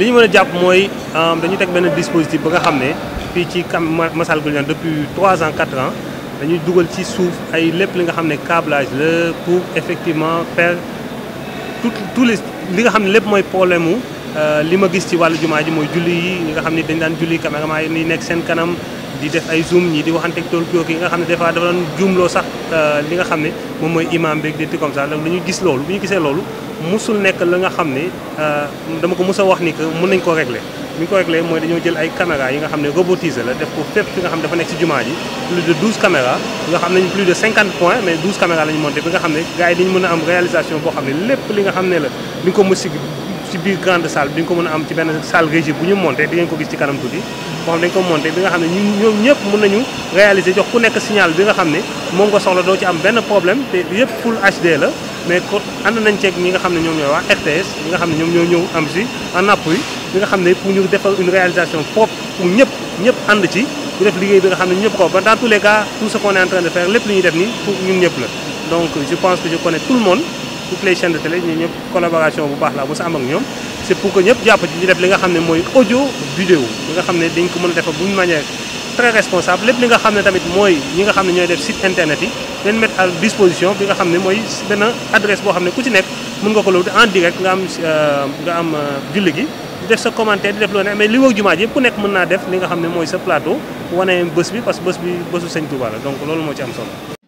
li ñu mën a jàpp mooy euh, dañu teg benn dispositif ba nga xam ne fii ci kam Massalikul Jinaan depuis 3 ans 4 ans dañuy dugal ci suuf ay lépp li nga xam ne câblage la pour effectivement faire tout les li nga xam ne lépp mooy problème mu euh, li ma gis ci wàllu jumaa ji mooy julli yi nga xam ne dañ daan julli caméraman yi nekk seen kanam di def ay zoom ñi di waxanteeg tool kooku yi nga xam ne des fois dafa doon juumloo sax euh, li nga xam ne moom mooy imam beeg des comme ça donc lu ñu gis loolu bu ñu gisee loolu musul nekk la nga xam ne euh, dama ko mus a wax ni que mën nañ ko régler bi ñu ko réglé mooy nga xam ne robotisé la def ko fépp fi nga xam ne dafa nekk ci jumaa ji plus de 12 caméra nga xam ne plus de 50 points mais 12 caméra la ñu bi nga xam ne gars yi dañu am réalisation boo xam ne lépp li nga xam ne la di nga ko mës ci biir grande salle bi nga ko bon xam dañ ko monté bi nga xam ne ñu ñoom ñëpp mën nañu réaliser jox ku nekk signal bi nga xam ne moom nga soxla doo ci am benn problème te yëpp HD la mais ko ànd nañ ceeg ñi nga xam ne ñoom ñooy waa RTS ñi nga xam ne ñoom ñoo ñëw am si en appui bi nga xam ne pour ñu defar une réalisation propre pour ñëpp ñëpp and ci bu def liggéey bi nga xam ne ñëpp ko ba dans tous les cas tout ce qu'on est en train de faire lépp lu ñuy def nii pour ñun la donc je pense que je connais le monde toutes les chaînes bu baax la bu sa am ak c'est pour que ñëpp jàpp ci ñu def li nga xam ne mooy audio vidéo li nga xam ne dañ ko mën a defar bu manière très responsable lépp li nga xam ne tamit mooy ñi nga xam ne ñooy def site internet yi leen mettre à disposition bi nga xam ne mooy benn adresse boo xam ne ku ci nekk mën nga ko loolu en direct nga am euh, am euh, julli gi di def sa commentaire di def loo ne mais li wër jumaa yëpp ku nekk mën naa def li nga xam ne mooy sa plateau wane bés bi parce que bés bi bésu Sëñ donc loolu moo am solo